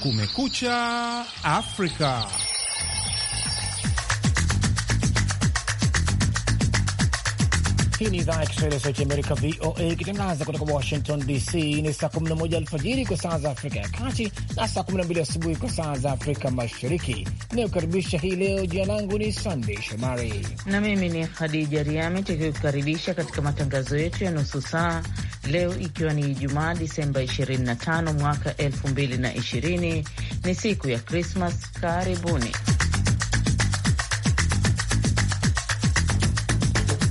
Kumekucha Afrika. Hii ni idhaa ya Kiswahili ya sauti Amerika, VOA, ikitangaza kutoka Washington DC. Ni saa 11 alfajiri kwa saa za Afrika ya Kati na saa 12 asubuhi kwa saa za Afrika Mashariki. Inayokaribisha hii leo, jina langu ni Sandey Shomari na mimi ni Khadija Riami, tukikukaribisha katika matangazo yetu ya nusu saa leo, ikiwa ni Ijumaa Disemba 25 mwaka 2020. Ni siku ya Krismas. Karibuni.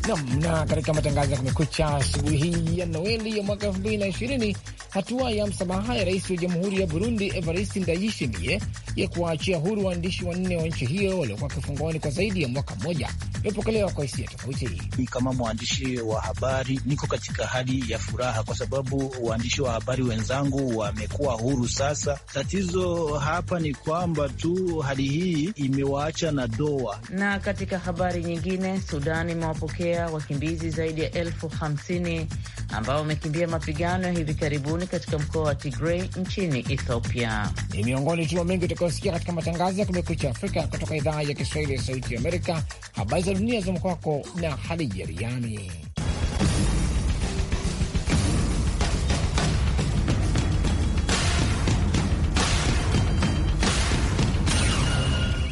nam na katika matangazo ya kumekucha asubuhi ya Noeli ya mwaka elfu mbili na ishirini hatua ya msamaha ya rais wa jamhuri ya Burundi Evariste Ndayishimiye ya kuwaachia huru waandishi wanne wa nchi hiyo waliokuwa kifungoni kwa zaidi ya mwaka mmoja imepokelewa kwa hisia tofauti. Kama mwandishi wa habari, niko katika hali ya furaha kwa sababu waandishi wa habari wenzangu wamekuwa huru sasa. Tatizo hapa ni kwamba tu hali hii imewaacha na doa. Na katika habari nyingine, Sudan imewapokea wakimbizi zaidi ya elfu hamsini ambao wamekimbia mapigano ya hivi karibuni upinzani katika mkoa wa Tigrei nchini Ethiopia. Ni miongoni tu mengi utakayosikia katika matangazo ya Kumekucha Afrika kutoka idhaa ya Kiswahili ya Sauti ya Amerika. Habari za dunia za mkwako na Hadija Riami.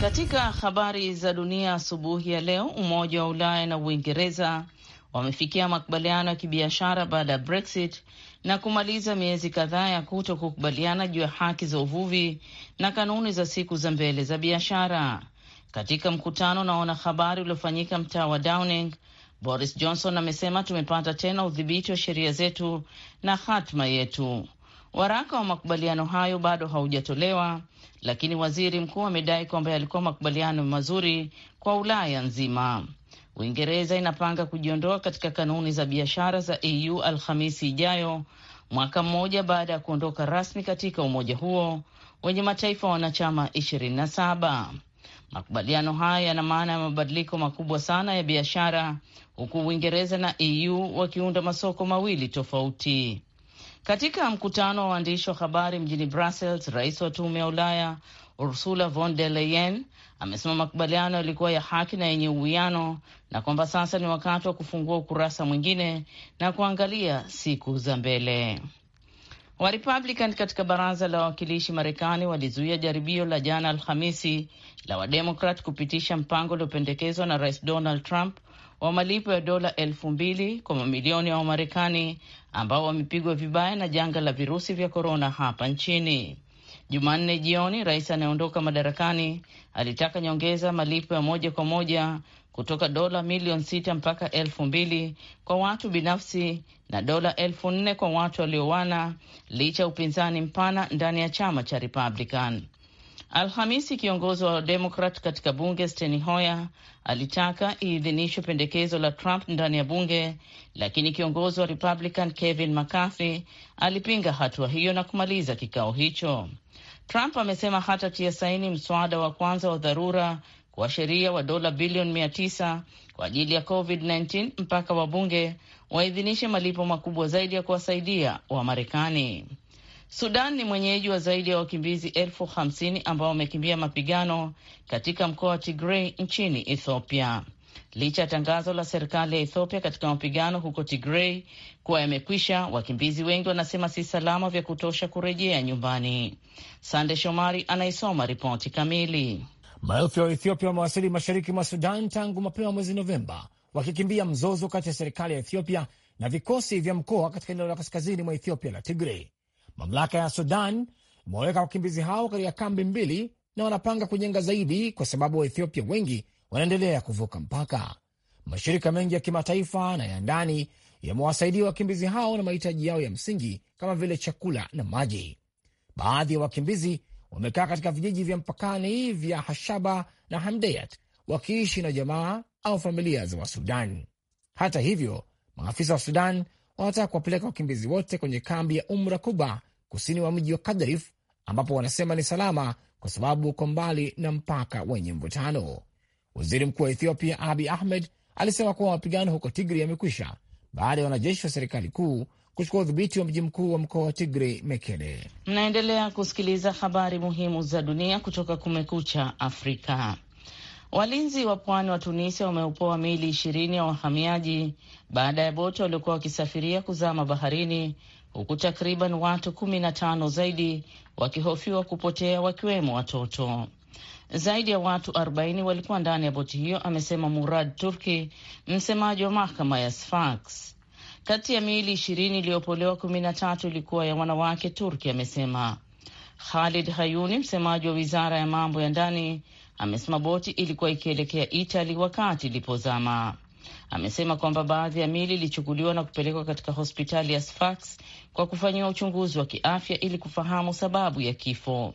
Katika habari za dunia asubuhi ya leo, Umoja wa Ulaya na Uingereza wamefikia makubaliano ya kibiashara baada ya Brexit na kumaliza miezi kadhaa ya kuto kukubaliana juu ya haki za uvuvi na kanuni za siku za mbele za biashara. Katika mkutano na wanahabari uliofanyika mtaa wa Downing, Boris Johnson amesema tumepata tena udhibiti wa sheria zetu na hatima yetu. Waraka wa makubaliano hayo bado haujatolewa, lakini waziri mkuu amedai kwamba yalikuwa makubaliano mazuri kwa Ulaya nzima. Uingereza inapanga kujiondoa katika kanuni za biashara za EU Alhamisi ijayo, mwaka mmoja baada ya kuondoka rasmi katika umoja huo wenye mataifa wanachama 27. Makubaliano haya yana maana ya mabadiliko makubwa sana ya biashara, huku Uingereza na EU wakiunda masoko mawili tofauti. Katika mkutano wa waandishi wa habari mjini Brussels, rais wa tume ya Ulaya Ursula von der Leyen amesema makubaliano yalikuwa ya haki na yenye uwiano na kwamba sasa ni wakati wa kufungua ukurasa mwingine na kuangalia siku za mbele. Republican katika baraza la wawakilishi Marekani walizuia jaribio la jana Alhamisi la Wademokrat kupitisha mpango uliopendekezwa na Rais Donald Trump wa malipo ya dola elfu mbili kwa mamilioni ya Wamarekani ambao wamepigwa vibaya na janga la virusi vya korona hapa nchini. Jumanne jioni rais anayeondoka madarakani alitaka nyongeza malipo ya moja kwa moja kutoka dola milioni sita mpaka elfu mbili kwa watu binafsi na dola elfu nne kwa watu waliowana, licha ya upinzani mpana ndani ya chama cha Republican. Alhamisi, kiongozi wa Demokrat katika bunge Steny Hoyer alitaka iidhinishwe pendekezo la Trump ndani ya bunge, lakini kiongozi wa Republican Kevin McCarthy alipinga hatua hiyo na kumaliza kikao hicho. Trump amesema hatatia saini mswada wa kwanza wa dharura kwa sheria wa dola bilioni mia tisa kwa ajili ya COVID-19 mpaka wabunge waidhinishe malipo makubwa zaidi ya kuwasaidia wa marekani Sudan ni mwenyeji wa zaidi ya wakimbizi elfu hamsini ambao wamekimbia mapigano katika mkoa wa Tigrei nchini Ethiopia. Licha ya tangazo la serikali ya Ethiopia katika mapigano huko Tigrei kuwa yamekwisha, wakimbizi wengi wanasema si salama vya kutosha kurejea nyumbani. Sande Shomari anaisoma ripoti kamili. Maelfu ya Waethiopia wamewasili mashariki mwa Sudan tangu mapema mwezi Novemba, wakikimbia mzozo kati ya serikali ya Ethiopia na vikosi vya mkoa katika eneo la kaskazini mwa Ethiopia la Tigrei. Mamlaka ya Sudan imewaweka wakimbizi hao katika kambi mbili na wanapanga kujenga zaidi, kwa sababu Waethiopia wengi wanaendelea kuvuka mpaka. Mashirika mengi ya kimataifa na ya ndani yamewasaidia wakimbizi hao na mahitaji yao ya msingi kama vile chakula na maji. Baadhi ya wakimbizi wamekaa katika vijiji vya mpakani vya Hashaba na Hamdeyat wakiishi na jamaa au familia za Wasudan. Hata hivyo, maafisa wa Sudan wanataka kuwapeleka wakimbizi wote kwenye kambi ya Umra Kuba kusini wa mji wa Kadarif ambapo wanasema ni salama kwa sababu uko mbali na mpaka wenye mvutano. Waziri mkuu wa Ethiopia Abi Ahmed alisema kuwa mapigano huko Tigri yamekwisha baada ya wanajeshi wa serikali kuu kuchukua udhibiti wa mji mkuu wa mkoa wa tigri Mekele. Mnaendelea kusikiliza habari muhimu za dunia kutoka Kumekucha Afrika. Walinzi wa pwani wa Tunisia wameupoa miili ishirini ya wahamiaji baada ya boti waliokuwa wakisafiria kuzama baharini, huku takriban watu kumi na tano zaidi wakihofiwa kupotea wakiwemo watoto. Zaidi ya watu 40 walikuwa ndani ya boti hiyo, amesema Murad Turki, msemaji wa mahakama ya Sfax. Kati ya miili ishirini iliyopolewa, kumi na tatu ilikuwa ya wanawake, Turki amesema. Khalid Hayuni, msemaji wa wizara ya mambo ya ndani, amesema boti ilikuwa ikielekea Itali wakati ilipozama. Amesema kwamba baadhi ya miili ilichukuliwa na kupelekwa katika hospitali ya Sfax kwa kufanyiwa uchunguzi wa kiafya ili kufahamu sababu ya kifo.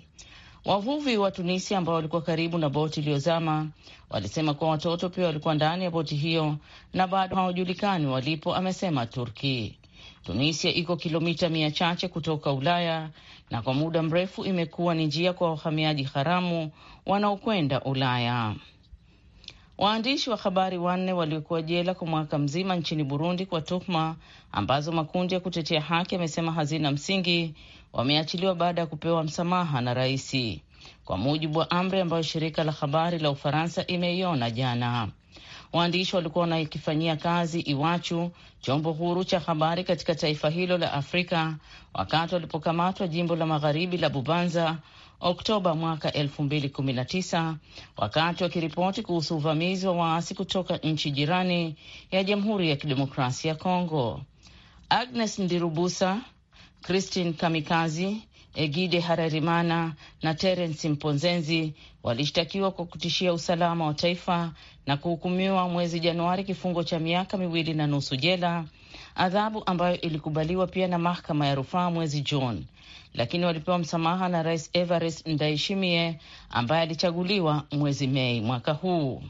Wavuvi wa Tunisia ambao walikuwa karibu na boti iliyozama walisema kuwa watoto pia walikuwa ndani ya boti hiyo na bado hawajulikani walipo, amesema Turki. Tunisia iko kilomita mia chache kutoka Ulaya na kwa muda mrefu imekuwa ni njia kwa wahamiaji haramu wanaokwenda Ulaya. Waandishi wa habari wanne waliokuwa jela kwa mwaka mzima nchini Burundi kwa tuhuma ambazo makundi ya kutetea haki yamesema hazina msingi wameachiliwa baada ya kupewa msamaha na raisi, kwa mujibu wa amri ambayo shirika la habari la Ufaransa imeiona jana. Waandishi walikuwa wanakifanyia kazi Iwachu, chombo huru cha habari katika taifa hilo la Afrika, wakati walipokamatwa jimbo la magharibi la Bubanza Oktoba mwaka 2019 wakati wakiripoti kuhusu uvamizi wa waasi kutoka nchi jirani ya Jamhuri ya Kidemokrasia ya Kongo. Agnes Ndirubusa, Christine Kamikazi Egide Hararimana na Terence Mponzenzi walishtakiwa kwa kutishia usalama wa taifa na kuhukumiwa mwezi Januari kifungo cha miaka miwili na nusu jela, adhabu ambayo ilikubaliwa pia na mahakama ya rufaa mwezi Juni, lakini walipewa msamaha na Rais Evarist Ndaishimie ambaye alichaguliwa mwezi Mei mwaka huu.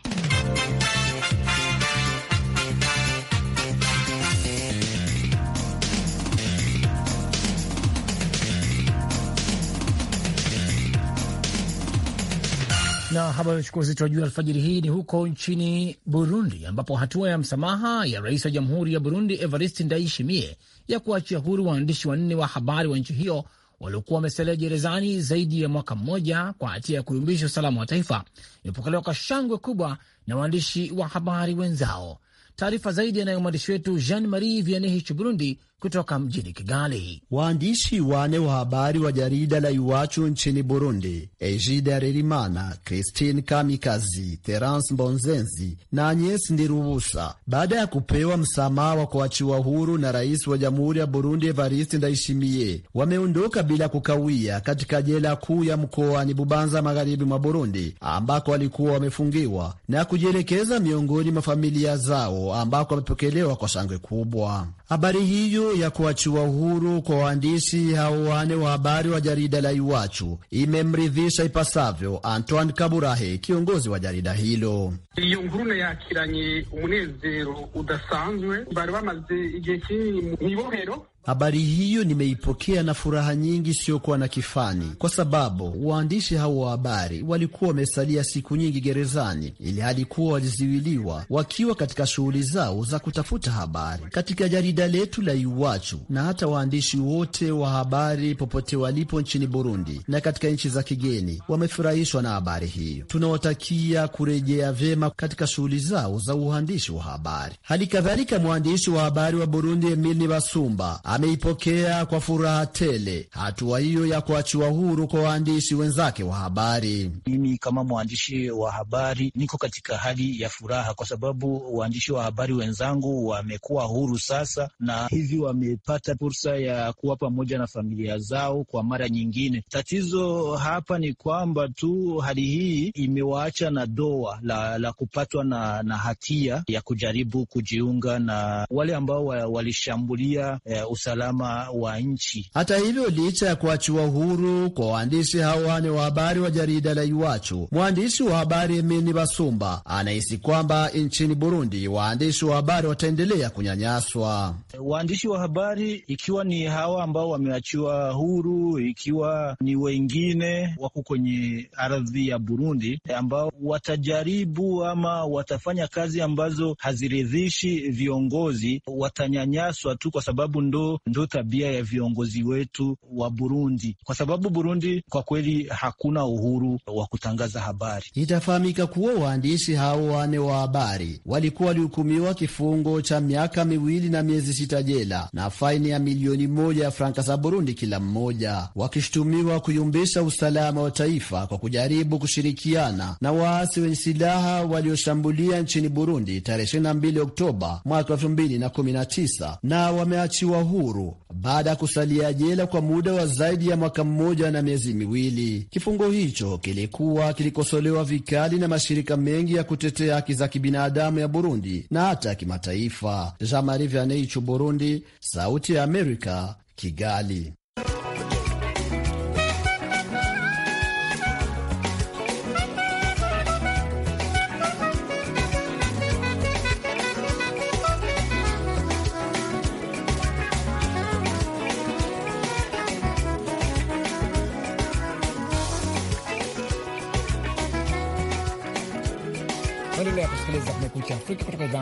Na habari chukua uzito wa juu alfajiri hii ni huko nchini Burundi, ambapo hatua ya msamaha ya rais wa jamhuri ya Burundi Evariste Ndayishimiye ya kuachia huru waandishi wanne wa habari wa nchi hiyo waliokuwa wamesalia gerezani zaidi ya mwaka mmoja kwa hatia ya kuyumbisha usalama wa taifa imepokelewa kwa shangwe kubwa na waandishi wa habari wenzao. Taarifa zaidi anayo mwandishi wetu Jean Marie Vianney Burundi, kutoka mjini Kigali. Waandishi wane wa habari wa jarida la Iwachu nchini Burundi, Egide Rerimana, Christine Kamikazi, Terence Mbonzenzi na Agnes Ndirubusa, baada ya kupewa msamaha wa kuachiwa huru na rais wa jamhuri ya Burundi Evariste Ndayishimiye, wameondoka bila kukawia katika jela kuu ya mkoani Bubanza, magharibi mwa Burundi, ambako walikuwa wamefungiwa na kujielekeza miongoni mwa familia zao, ambako wamepokelewa kwa shangwe kubwa. Habari hiyo ya kuachiwa uhuru kwa waandishi hao wane wa habari wa jarida la Iwachu imemridhisha ipasavyo Antoine Kaburahe, kiongozi wa jarida hilo. Iyo nkuru yakiranye umunezero udasanzwe bari bamaze igihe kinini mu ibohero Habari hiyo nimeipokea na furaha nyingi isiyokuwa na kifani, kwa sababu waandishi hao wa habari walikuwa wamesalia siku nyingi gerezani, ili hadi kuwa waliziwiliwa wakiwa katika shughuli zao za kutafuta habari. Katika jarida letu la Iwachu na hata waandishi wote wa habari popote walipo nchini Burundi na katika nchi za kigeni wamefurahishwa na habari hiyo. Tunawatakia kurejea vyema katika shughuli zao za uandishi wa habari. Hali kadhalika mwandishi wa habari wa Burundi Emile Basumba ameipokea kwa furaha tele hatua hiyo ya kuachiwa huru kwa waandishi wenzake wa habari. Mimi kama mwandishi wa habari niko katika hali ya furaha, kwa sababu waandishi wa habari wenzangu wamekuwa huru sasa, na hivi wamepata fursa ya kuwa pamoja na familia zao kwa mara nyingine. Tatizo hapa ni kwamba tu hali hii imewaacha na doa la, la kupatwa na, na hatia ya kujaribu kujiunga na wale ambao walishambulia eh, usalama wa nchi. Hata hivyo, licha ya kuachiwa huru kwa waandishi hao wane wa habari wa jarida la Iwachu, mwandishi wa habari Emini Basumba anahisi kwamba nchini Burundi waandishi wa habari wataendelea kunyanyaswa. Waandishi wa habari ikiwa ni hawa ambao wameachiwa huru, ikiwa ni wengine wako kwenye ardhi ya Burundi ambao watajaribu ama watafanya kazi ambazo haziridhishi viongozi, watanyanyaswa tu kwa sababu ndo ndo tabia ya viongozi wetu wa Burundi, kwa sababu Burundi kwa kweli hakuna uhuru wa kutangaza habari. Itafahamika kuwa waandishi hao wane wa habari walikuwa walihukumiwa kifungo cha miaka miwili na miezi sita jela na faini ya milioni moja ya franka za Burundi kila mmoja, wakishutumiwa kuyumbisha usalama wa taifa kwa kujaribu kushirikiana na waasi wenye silaha walioshambulia nchini Burundi tarehe 22 Oktoba mwaka 2019 na wameachiwa huru huru baada ya kusalia jela kwa muda wa zaidi ya mwaka mmoja na miezi miwili. Kifungo hicho kilikuwa kilikosolewa vikali na mashirika mengi ya kutetea haki za kibinadamu ya Burundi na hata ya kimataifa. Jean Marie Vianney Burundi, Sauti ya Amerika, Kigali.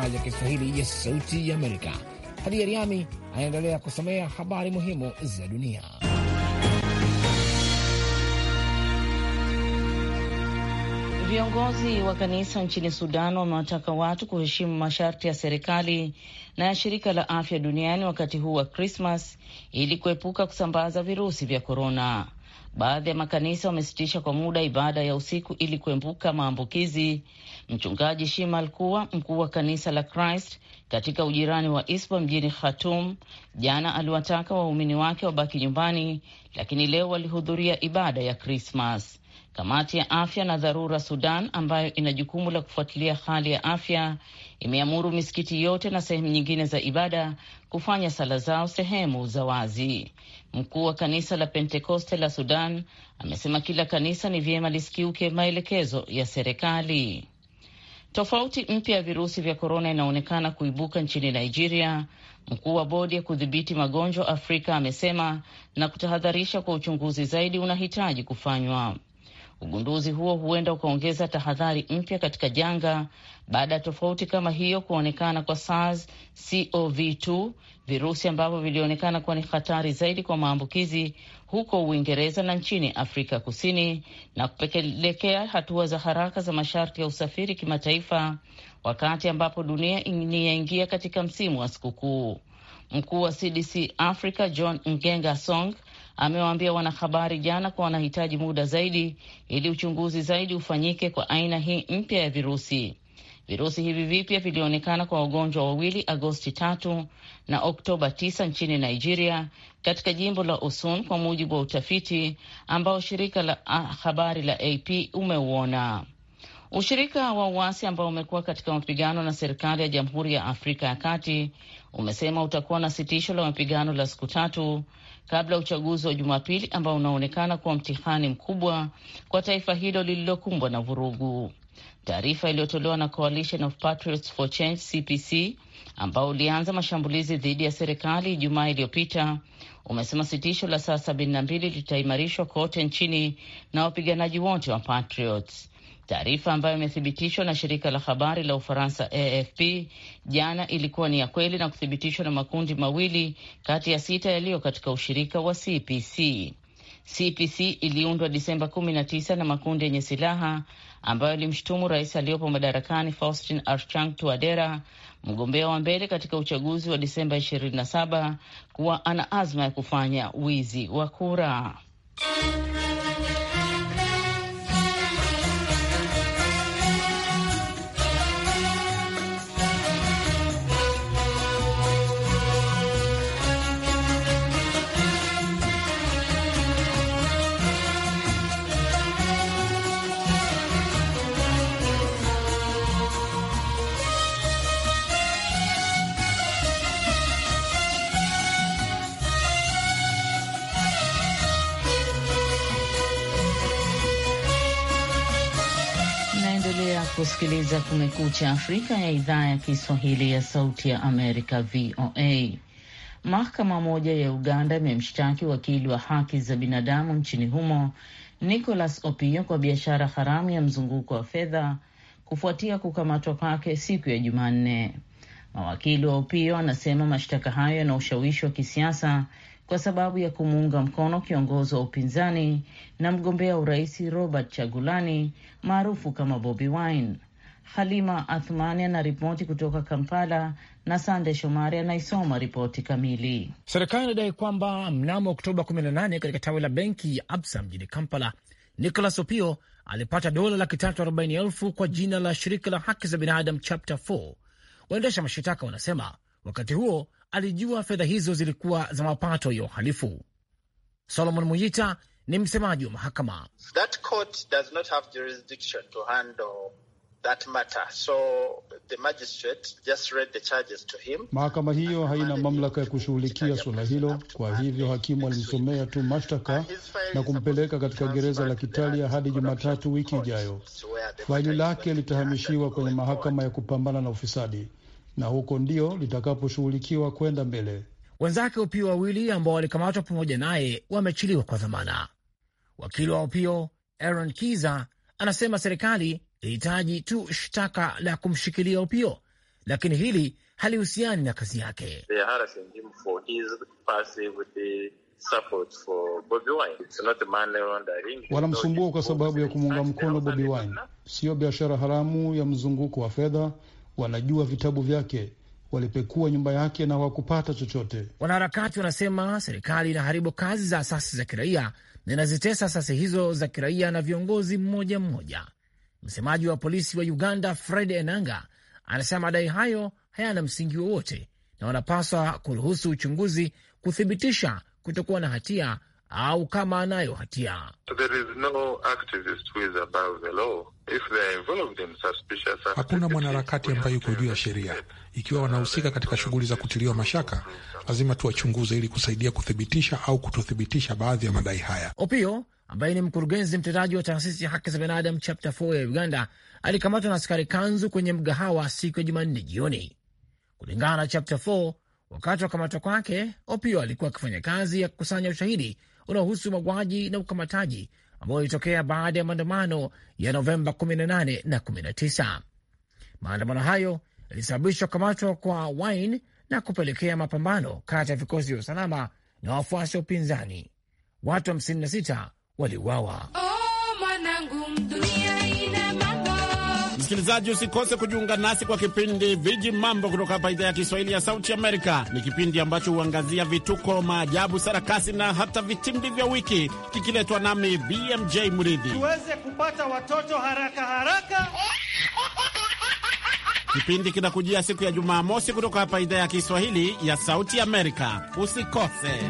idhaa ya Kiswahili ya Sauti ya Amerika. Hadi Yariami anaendelea kusomea habari muhimu za dunia. Viongozi wa kanisa nchini Sudan wamewataka watu kuheshimu masharti ya serikali na ya shirika la afya duniani wakati huu wa Krismas ili kuepuka kusambaza virusi vya korona. Baadhi ya makanisa wamesitisha kwa muda ibada ya usiku ili kuepuka maambukizi. Mchungaji Shima Alkuwa, mkuu wa kanisa la Christ katika ujirani wa Isba mjini Khartoum, jana aliwataka waumini wake wabaki nyumbani, lakini leo walihudhuria ibada ya Krismas. Kamati ya afya na dharura Sudan, ambayo ina jukumu la kufuatilia hali ya afya, imeamuru misikiti yote na sehemu nyingine za ibada kufanya sala zao sehemu za wazi. Mkuu wa kanisa la Pentekoste la Sudan amesema kila kanisa ni vyema lisikiuke maelekezo ya serikali. Tofauti mpya ya virusi vya korona inaonekana kuibuka nchini Nigeria, mkuu wa bodi ya kudhibiti magonjwa Afrika amesema na kutahadharisha kwa uchunguzi zaidi unahitaji kufanywa. Ugunduzi huo huenda ukaongeza tahadhari mpya katika janga baada ya tofauti kama hiyo kuonekana kwa SARS CoV2, virusi ambavyo vilionekana kuwa ni hatari zaidi kwa maambukizi huko Uingereza na nchini Afrika Kusini, na kupelekea hatua za haraka za masharti ya usafiri kimataifa, wakati ambapo dunia inaingia katika msimu wa sikukuu. Mkuu wa CDC Africa John Ngenga Song amewaambia wanahabari jana kuwa wanahitaji muda zaidi ili uchunguzi zaidi ufanyike kwa aina hii mpya ya virusi. Virusi hivi vipya vilionekana kwa wagonjwa wawili Agosti tatu na Oktoba tisa nchini Nigeria, katika jimbo la Osun, kwa mujibu wa utafiti ambao shirika la ah, habari la AP umeuona. Ushirika wa uasi ambao umekuwa katika mapigano na serikali ya Jamhuri ya Afrika ya Kati umesema utakuwa na sitisho la mapigano la siku tatu kabla ya uchaguzi wa Jumapili ambao unaonekana kuwa mtihani mkubwa kwa taifa hilo lililokumbwa na vurugu. Taarifa iliyotolewa na Coalition of Patriots for Change CPC ambao ulianza mashambulizi dhidi ya serikali Ijumaa iliyopita umesema sitisho la saa sabini na mbili litaimarishwa kote nchini na wapiganaji wote wa Patriots. Taarifa ambayo imethibitishwa na shirika la habari la Ufaransa AFP jana ilikuwa ni ya kweli na kuthibitishwa na makundi mawili kati ya sita yaliyo katika ushirika wa CPC. CPC iliundwa Disemba 19 na makundi yenye silaha ambayo ilimshutumu rais aliyopo madarakani Faustin Archange Touadera, mgombea wa mbele katika uchaguzi wa Disemba 27 kuwa ana azma ya kufanya wizi wa kura. kusikiliza Kumekucha Afrika ya idhaa ya Kiswahili ya Sauti ya Amerika, VOA. Mahakama moja ya Uganda imemshtaki wakili wa haki za binadamu nchini humo Nicholas Opio kwa biashara haramu ya mzunguko wa fedha kufuatia kukamatwa kwake siku ya Jumanne. Mawakili wa Opio wanasema mashtaka hayo yana ushawishi wa kisiasa kwa sababu ya kumuunga mkono kiongozi wa upinzani na mgombea urais Robert Chagulani maarufu kama Bobi Wine. Halima Athmani anaripoti kutoka Kampala na Sande Shomari anaisoma ripoti kamili. Serikali inadai kwamba mnamo Oktoba 18 katika tawi la benki ya Absa mjini Kampala, Nicolas Opio alipata dola laki tatu arobaini elfu kwa jina la shirika la haki za binadamu Chapter 4. Waendesha mashitaka wanasema wakati huo alijua fedha hizo zilikuwa za mapato ya uhalifu. Solomon Muyita ni msemaji wa mahakama. That court does not have jurisdiction to handle that matter. So the magistrate just read the charges to him. Mahakama hiyo haina mamlaka ya kushughulikia suala hilo, kwa hivyo hakimu alimsomea tu mashtaka na kumpeleka katika gereza la Kitalia hadi Jumatatu wiki ijayo. Faili lake litahamishiwa kwenye mahakama ya kupambana na ufisadi na huko ndio litakaposhughulikiwa kwenda mbele. Wenzake Upio wawili ambao walikamatwa pamoja naye wameachiliwa kwa dhamana. Wakili wa Upio Aaron Kiza anasema serikali ilihitaji tu shtaka la kumshikilia Upio, lakini hili halihusiani na kazi yake. Wanamsumbua kwa sababu ya kumuunga mkono Bobi Wine, siyo biashara haramu ya mzunguko wa fedha wanajua vitabu vyake, walipekua nyumba yake na hawakupata chochote. Wanaharakati wanasema serikali inaharibu kazi za asasi za kiraia na inazitesa asasi hizo za kiraia na viongozi mmoja mmoja. Msemaji wa polisi wa Uganda Fred Enanga anasema madai hayo hayana msingi wowote na wanapaswa kuruhusu uchunguzi kuthibitisha kutokuwa na hatia au kama anayo hatia. there is no activist who is above the law. Hakuna mwanaharakati ambaye yuko juu ya sheria. Ikiwa wanahusika katika shughuli za kutiliwa mashaka, lazima tuwachunguze ili kusaidia kuthibitisha au kutothibitisha baadhi ya madai haya. Opio ambaye ni mkurugenzi mtendaji wa taasisi ya haki za binadamu Chapter 4 ya Uganda alikamatwa na askari kanzu kwenye mgahawa siku ya Jumanne jioni, kulingana na Chapter 4. Wakati wa kamatwa kwake, Opio alikuwa akifanya kazi ya kukusanya ushahidi unaohusu mauaji na ukamataji ambayo ilitokea baada ya maandamano ya Novemba 18 na 19. Maandamano hayo yalisababishwa kukamatwa kwa Wine na kupelekea mapambano kati ya vikosi vya usalama na wafuasi wa upinzani. Watu 56 waliuawa. Oh, Msikilizaji, usikose kujiunga nasi kwa kipindi Viji Mambo kutoka hapa idhaa ya Kiswahili ya Sauti Amerika. Ni kipindi ambacho huangazia vituko, maajabu, sarakasi na hata vitimbi vya wiki, kikiletwa nami BMJ Mridhi tuweze kupata watoto haraka haraka. Kipindi kinakujia siku ya Jumamosi kutoka hapa idhaa ya Kiswahili ya Sauti Amerika. Usikose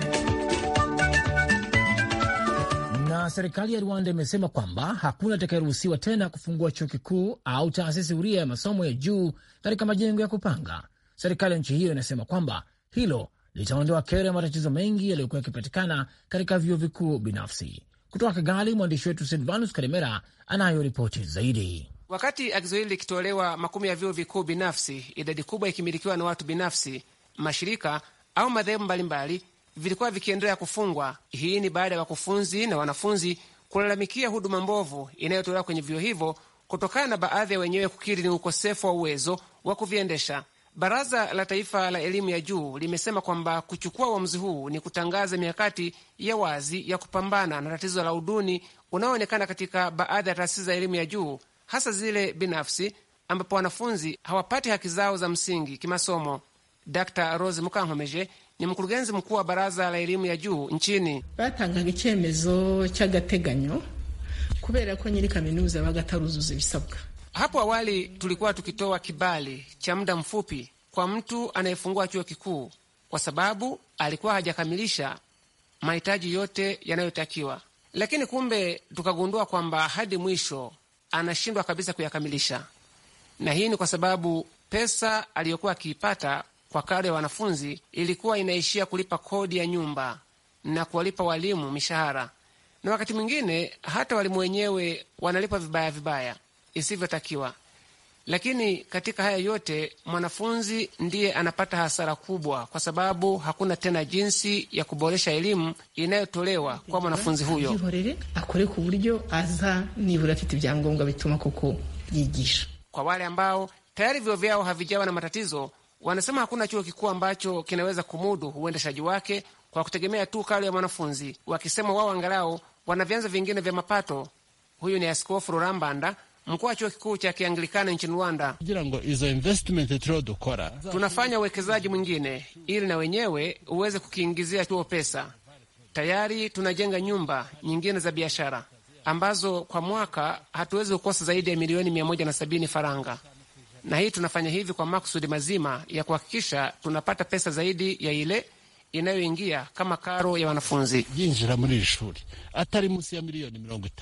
serikali ya Rwanda imesema kwamba hakuna atakayeruhusiwa tena kufungua chuo kikuu au taasisi huria ya masomo ya juu katika majengo ya kupanga. Serikali ya nchi hiyo inasema kwamba hilo litaondoa kero ya matatizo mengi yaliyokuwa yakipatikana katika vyuo vikuu binafsi. Kutoka Kigali, mwandishi wetu Silvanus Karemera anayo ripoti zaidi. Wakati agizo hili likitolewa, makumi ya vyuo vikuu binafsi, idadi kubwa ikimilikiwa na watu binafsi, mashirika au madhehebu mbalimbali vilikuwa vikiendelea kufungwa. Hii ni baada ya wakufunzi na wanafunzi kulalamikia huduma mbovu inayotolewa kwenye vyuo hivyo kutokana na baadhi ya wenyewe kukiri ni ukosefu wa uwezo wa kuviendesha. Baraza la Taifa la Elimu ya Juu limesema kwamba kuchukua uamuzi huu ni kutangaza mikakati ya wazi ya kupambana na tatizo la uduni unaoonekana katika baadhi ya taasisi za elimu ya juu, hasa zile binafsi, ambapo wanafunzi hawapati haki zao za msingi kimasomo. Dr Rose Mukankomeje ni mkurugenzi mkuu wa baraza la elimu ya juu nchini. batangaga icyemezo cy'agateganyo kubera ko nyiri kaminuza yabaga ataruzuza ibisabwa. Hapo awali tulikuwa tukitoa kibali cha muda mfupi kwa mtu anayefungua chuo kikuu kwa sababu alikuwa hajakamilisha mahitaji yote yanayotakiwa, lakini kumbe tukagundua kwamba hadi mwisho anashindwa kabisa kuyakamilisha, na hii ni kwa sababu pesa aliyokuwa akiipata kwa kale wanafunzi ilikuwa inaishia kulipa kodi ya nyumba na kuwalipa walimu mishahara, na wakati mwingine hata walimu wenyewe wanalipwa vibaya vibaya isivyotakiwa. Lakini katika haya yote mwanafunzi ndiye anapata hasara kubwa, kwa sababu hakuna tena jinsi ya kuboresha elimu inayotolewa kwa mwanafunzi huyo. Kwa wale ambao tayari vyuo vyao havijawa na matatizo Wanasema hakuna chuo kikuu ambacho kinaweza kumudu uendeshaji wake kwa kutegemea tu karo ya mwanafunzi, wakisema wao angalau wana vyanzo vingine vya mapato. Huyu ni Askofu Rurambanda, mkuu wa chuo kikuu cha Kianglikana nchini Rwanda. Tunafanya uwekezaji mwingine ili na wenyewe uweze kukiingizia chuo pesa. Tayari tunajenga nyumba nyingine za biashara ambazo kwa mwaka hatuwezi kukosa zaidi ya milioni 170 faranga na hii tunafanya hivi kwa makusudi mazima ya kuhakikisha tunapata pesa zaidi ya ile inayoingia kama karo ya wanafunzi.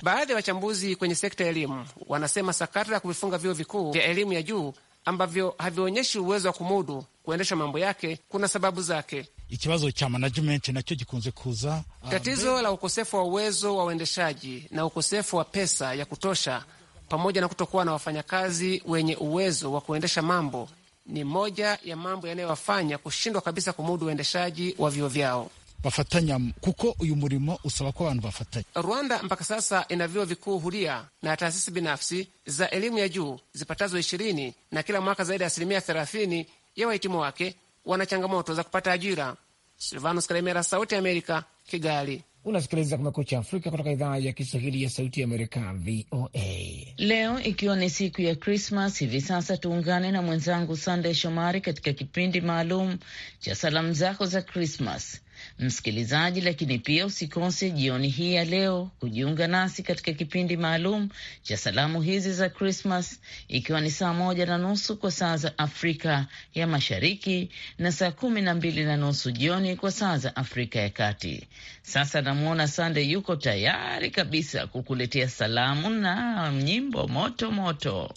Baadhi ya wachambuzi kwenye sekta ya elimu wanasema sakata ya kuvifunga vyuo vikuu vya elimu ya juu ambavyo havionyeshi uwezo wa kumudu kuendesha mambo yake kuna sababu zake. Ikibazo cha management nacho gikunze kuza tatizo ah, la ukosefu wa uwezo wa uendeshaji na ukosefu wa pesa ya kutosha pamoja na kutokuwa na wafanyakazi wenye uwezo wa kuendesha mambo ni moja ya mambo yanayowafanya kushindwa kabisa kumudu uendeshaji wa vyuo vyao. bafatanya kuko uyu murimo usaba ko abantu bafatanya. Rwanda mpaka sasa ina vyuo vikuu huria na taasisi binafsi za elimu ya juu zipatazo ishirini, na kila mwaka zaidi ya asilimia thelathini ya wahitimu wake wana changamoto za kupata ajira. Silvanus Kalemera, Sauti ya Amerika, Kigali. Unasikiliza Kumekucha Afrika kutoka idhaa ya Kiswahili ya Sauti ya Amerika, VOA. Leo ikiwa ni siku ya Krismas, hivi sasa tuungane na mwenzangu Sandey Shomari katika kipindi maalum cha salamu zako za Krismas. Msikilizaji, lakini pia usikose jioni hii ya leo kujiunga nasi katika kipindi maalum cha salamu hizi za Krismas, ikiwa ni saa moja na nusu kwa saa za Afrika ya Mashariki na saa kumi na mbili na nusu jioni kwa saa za Afrika ya Kati. Sasa namwona Sande yuko tayari kabisa kukuletea salamu na nyimbo moto moto.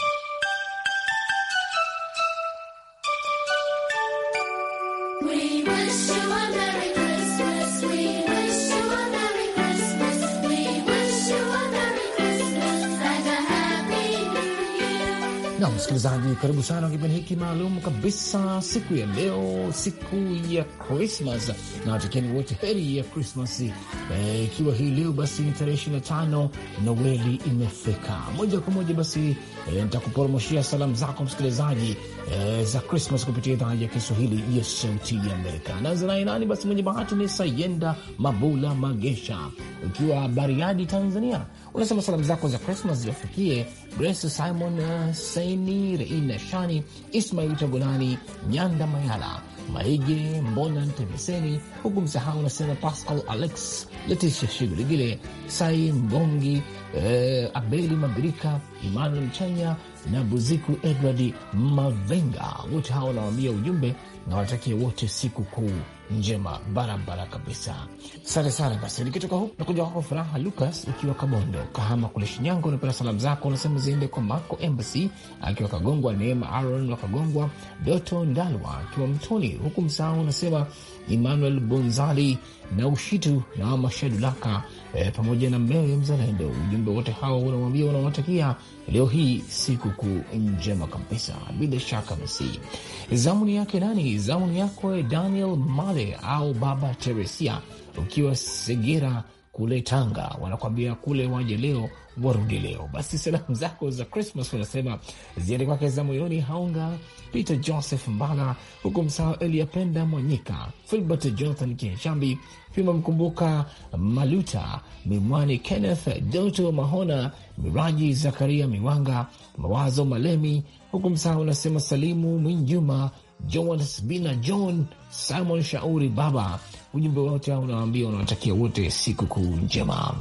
Msikilizaji, karibu sana kwa kipindi hiki maalum kabisa siku ya leo, siku ya Krismas, na watakieni wote heri ya Krismas eh, ikiwa e, hii leo basi ni tarehe ishirini na tano Noeli imefika moja kwa moja. Basi e, eh, nitakuporomoshia salamu zako msikilizaji e, za Krismas kupitia idhaa ya Kiswahili ya Sauti ya Amerika. Naanza naye nani? Basi mwenye bahati ni Sayenda Mabula Magesha, ukiwa Bariadi, Tanzania, unasema salamu zako za Krismas ziwafikie Grace Simon Saini Shani, Reina Shani, Ismail Togolani, Nyanda Mayala, Maige Mbona Ntemeseni, huku msahau nasema Pascal Alex, Leticia Shiguligile, Sai mbongi eh, Abeli Mabirika, Emmanuel Mchanya na Buziku Edward Mavenga, wote hawa wanawambia ujumbe na wanatakia wote siku kuu njema barabara kabisa. sante sana. Basi nikitoka huku nakuja wako Furaha Lukas ukiwa Kabondo, Kahama kule Shinyanga, unapenda salamu zako unasema ziende kwa Marco Embassy akiwa Kagongwa, Neema Aron wa Kagongwa, Doto Ndalwa akiwa Mtoni huku msahau, unasema Emmanuel Bunzali na Ushitu na Mashadulaka e, pamoja na mmewe Mzalendo. Ujumbe wote hao unawambia, unawatakia leo hii sikukuu njema kabisa. Bila shaka basi zamu yake nani? Zamu yako Daniel Male au Baba Teresia ukiwa Segera kule Tanga, wanakwambia kule waje leo warudi leo. Basi salamu zako za Krismas wanasema ziende kwake za moyoni Haunga Peter Joseph Mbala, huku elia Eliapenda Mwanyika, Filbert Jonathan Kinshambi, Fima Mkumbuka Maluta, Mimwani Kenneth Doto Mahona, Miraji Zakaria Miwanga, Mawazo Malemi, huku msaa unasema Salimu Mwinjuma, Jonas Bina, John Simon Shauri, Baba ujumbe wote au unawaambia unawatakia wote sikukuu njema.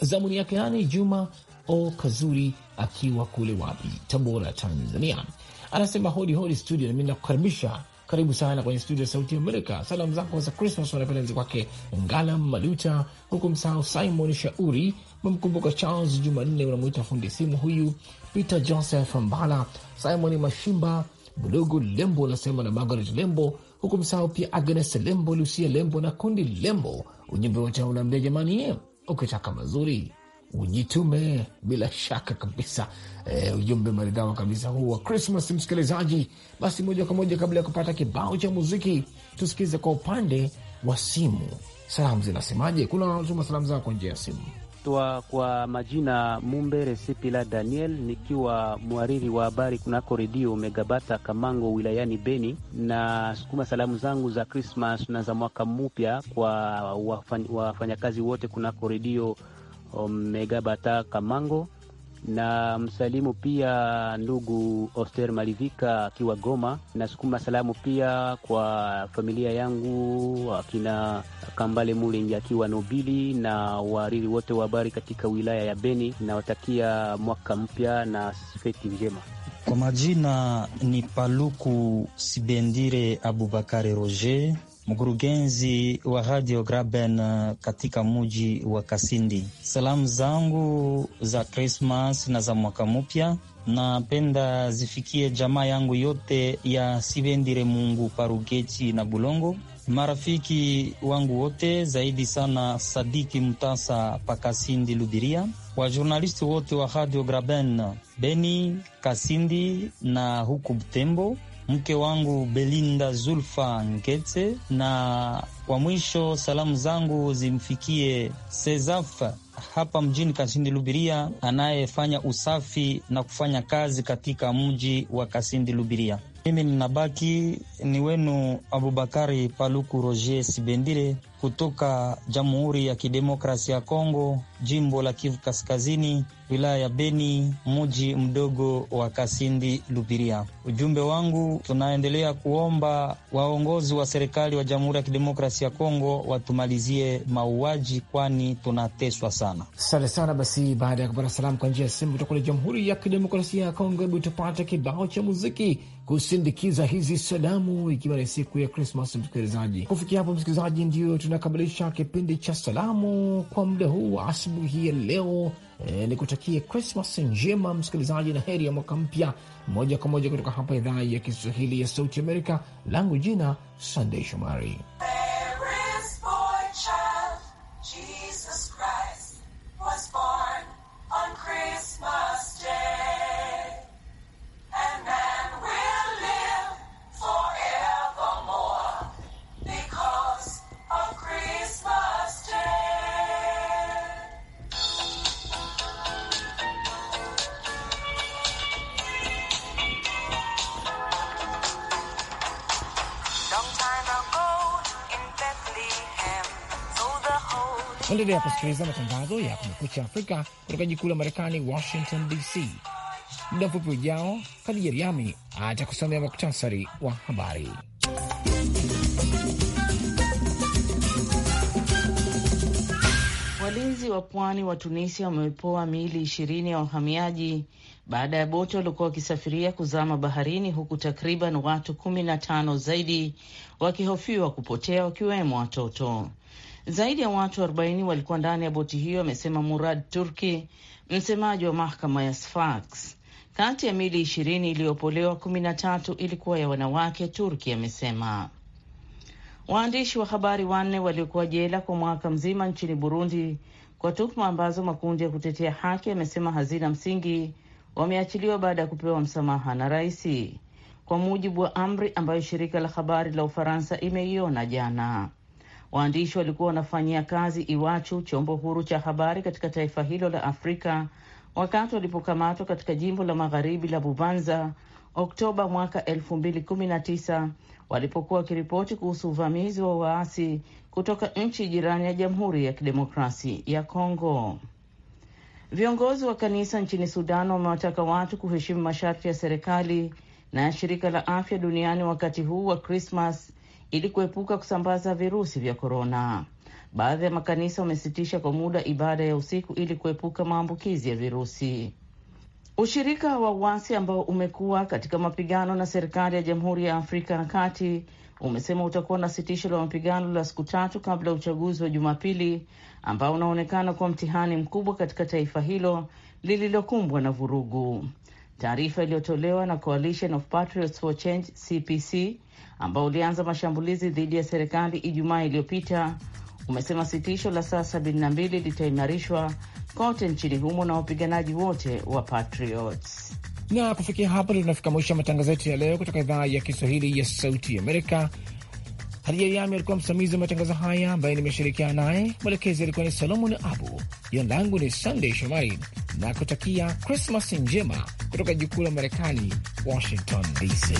Zamuni yake yani Juma O Kazuri akiwa kule wapi, Tabora, Tanzania, anasema hodi hodi studio, nami nakukaribisha karibu sana kwenye studio ya Sauti ya Amerika. Salamu zako za Krismas wanapendezi kwake Ngala Maluta, huku msahau Simon Shauri, memkumbuka Charles Jumanne, unamwita fundi simu huyu, Peter Joseph Mbala, Simon Mashimba, Budogo Lembo, unasema na Magaret Lembo huku msahau pia Agnes Lembo, Lucia Lembo na kundi Lembo. Ujumbe wote unaambia jamani ukitaka mazuri ujitume. Bila shaka kabisa, e, ujumbe maridhawa kabisa huu wa Krismas, msikilizaji. Basi moja kwa moja, kabla ya kupata kibao cha muziki, tusikilize kwa upande wa simu. Salamu zinasemaje? Kuna wanaotuma salamu zao kwa njia ya simu. Naitwa kwa majina Mumbere Sipila Daniel, nikiwa mwariri wa habari kunako redio Megabata Kamango wilayani Beni, na sukuma salamu zangu za Krismas na za mwaka mpya kwa wafanyakazi wote kunako redio um, Megabata Kamango na msalimu pia ndugu Oster Malivika akiwa Goma. Nasukuma salamu pia kwa familia yangu akina Kambale Mulenji akiwa Nobili na wahariri wote wa habari katika wilaya ya Beni. Nawatakia mwaka mpya na feti njema. Kwa majina ni Paluku Sibendire Abubakari Roger mkurugenzi wa Radio Graben uh, katika muji wa Kasindi. Salamu zangu za Krismas na za mwaka mpya napenda zifikie jamaa yangu yote ya Sibendire Mungu Parugechi na Bulongo, marafiki wangu wote, zaidi sana Sadiki Mutasa Pakasindi Lubiria, wajurnalisti wote wa Radio Graben Beni, Kasindi na huku Butembo mke wangu Belinda Zulfa nkete na kwa mwisho salamu zangu zimfikie sezaf hapa mjini Kasindi Lubiria, anayefanya usafi na kufanya kazi katika mji wa Kasindi Lubiria. Mimi ninabaki ni wenu Abubakari Paluku Roger Sibendire kutoka Jamhuri ya Kidemokrasia ya Kongo, jimbo la Kivu Kaskazini, wilaya ya Beni, muji mdogo wa Kasindi Lubiria. Ujumbe wangu, tunaendelea kuomba waongozi wa serikali wa Jamhuri ya Kidemokrasia ya Kongo watumalizie mauaji, kwani tunateswa sana. Asante sana. Basi baada ya kupata salamu kwa njia ya simu kutoka kule Jamhuri ya Kidemokrasia ya Kongo, hebu tupate kibao cha muziki kusindikiza hizi salamu, ikiwa ni siku ya Krismas. Msikilizaji, kufikia hapo, msikilizaji, ndio tunakamilisha kipindi cha salamu kwa muda huu wa asubuhi ya leo. E, ni kutakie Krismas njema msikilizaji, na heri ya mwaka mpya. Moja kwa moja kutoka hapa idhaa ya Kiswahili ya Sauti Amerika, langu jina Sandey Shomari. Endelea kusikiliza matangazo ya Kumekucha Afrika kutoka jikuu la Marekani, Washington DC. Muda mfupi ujao, Khadija Riami atakusomea muktasari wa habari. Walinzi wa pwani wa Tunisia wamepoa miili ishirini ya wahamiaji baada ya boti waliokuwa wakisafiria kuzama baharini, huku takriban watu kumi na tano zaidi wakihofiwa kupotea wakiwemo watoto. Zaidi ya watu 40 walikuwa ndani ya boti hiyo, amesema Murad Turki, msemaji wa mahakama ya Sfax. Kati ya mili ishirini iliyopolewa, kumi na tatu ilikuwa ya wanawake, Turki amesema. Waandishi wa habari wanne waliokuwa jela kwa mwaka mzima nchini Burundi kwa tuhuma ambazo makundi ya kutetea haki yamesema hazina msingi wameachiliwa baada ya kupewa msamaha na raisi, kwa mujibu wa amri ambayo shirika la habari la Ufaransa imeiona jana. Waandishi walikuwa wanafanyia kazi Iwachu, chombo huru cha habari katika taifa hilo la Afrika, wakati walipokamatwa katika jimbo la magharibi la Bubanza Oktoba mwaka 2019 walipokuwa wakiripoti kuhusu uvamizi wa waasi kutoka nchi jirani ya Jamhuri ya Kidemokrasi ya Kongo. Viongozi wa kanisa nchini Sudan wamewataka watu kuheshimu masharti ya serikali na ya shirika la afya duniani wakati huu wa Krismas ili kuepuka kusambaza virusi vya korona. Baadhi ya makanisa wamesitisha kwa muda ibada ya usiku ili kuepuka maambukizi ya virusi. Ushirika wa uasi ambao umekuwa katika mapigano na serikali ya Jamhuri ya Afrika ya Kati umesema utakuwa na sitisho la mapigano la siku tatu kabla ya uchaguzi wa Jumapili ambao unaonekana kuwa mtihani mkubwa katika taifa hilo lililokumbwa na vurugu. Taarifa iliyotolewa na Coalition of Patriots for Change CPC, ambao ulianza mashambulizi dhidi ya serikali Ijumaa iliyopita, umesema sitisho la saa 72 litaimarishwa kote nchini humo na wapiganaji wote wa Patriots. Na kufikia hapo, tunafika mwisho wa matangazo yetu ya leo kutoka idhaa ya Kiswahili ya Sauti Amerika. Hadija Riami alikuwa msimamizi wa matangazo haya ambaye nimeshirikiana naye. Mwelekezi alikuwa ni Solomon Abu. Jina langu ni sandey Shomari na kutakia Krismas njema kutoka jukuu la Marekani, Washington DC.